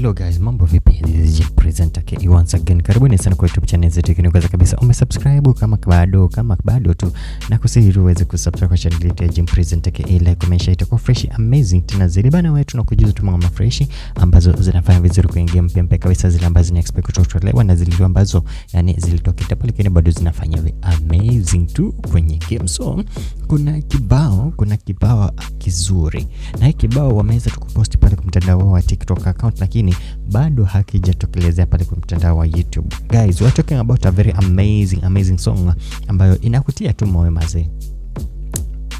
Hello guys, mambo vipi? This is Jeff presenter KE once again. Karibuni sana kwa YouTube channel zetu. Kini kwanza kabisa umesubscribe kama bado, kama bado tu na kusihi uweze kusubscribe kwa channel yetu ya Jay presenter KE like, comment, share itakuwa fresh amazing tena zile bana wetu na kujuza tu mambo fresh ambazo zinafanya vizuri kwenye game mpya kabisa zile ambazo ni expect kutotolewa na zile ambazo yani zilitokea pale lakini bado zinafanya amazing tu kwenye game. So kuna kibao, kuna kibao kizuri. Na hiki kibao wameweza tukuposti pale mtandao wa TikTok account, lakini bado hakijatokelezea pale kwa mtandao wa YouTube. Guys, we are talking about a very amazing amazing song ambayo inakutia tu moyo mazee.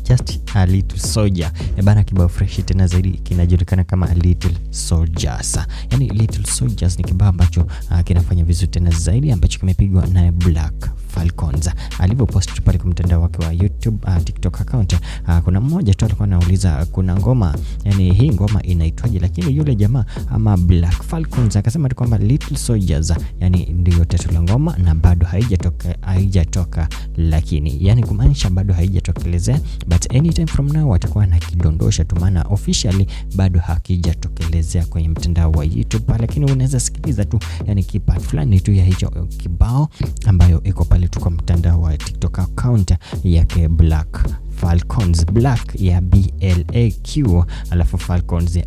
Just a little soldier eh, bana, kibao fresh tena zaidi kinajulikana kama a little soldiers. Yani, little soldiers ni kibao ambacho uh, kinafanya vizuri tena zaidi ambacho kimepigwa na Black Falcons alivyopost pale kwa mtandao wake wa YouTube, uh, TikTok account. Uh, kuna mmoja tu alikuwa anauliza uh, kuna ngoma yani, hii ngoma inaitwaje? Lakini yule jamaa ama Black Falcons akasema tu kwamba Little Soldiers, yani ndio tatu la ngoma na bado haijatoka, haijatoka lakini yani kumaanisha bado haijatokelezea, but anytime from now watakuwa nakidondosha tu, maana officially bado hakijatokelezea kwenye mtandao wa YouTube, lakini unaweza sikiliza tu yani kipa fulani tu ya hicho kibao ambayo iko pale pale tu kwa mtandao wa TikTok account yake Black Falcons Black ya BLAQ alafu Falcons ya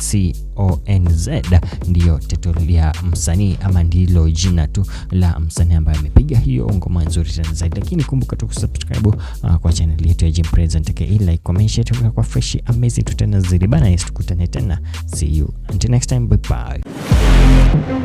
FALCONZ ndiyo title ya msanii ama ndilo jina tu la msanii ambaye amepiga hiyo ngoma nzuri sana zaidi. Lakini kumbuka tu kusubscribe uh, kwa channel yetu ya Jim Present take hii like, comment, share tuka kwa fresh amazing tutana zidi bana, tukutane tena, see you until next time, bye bye.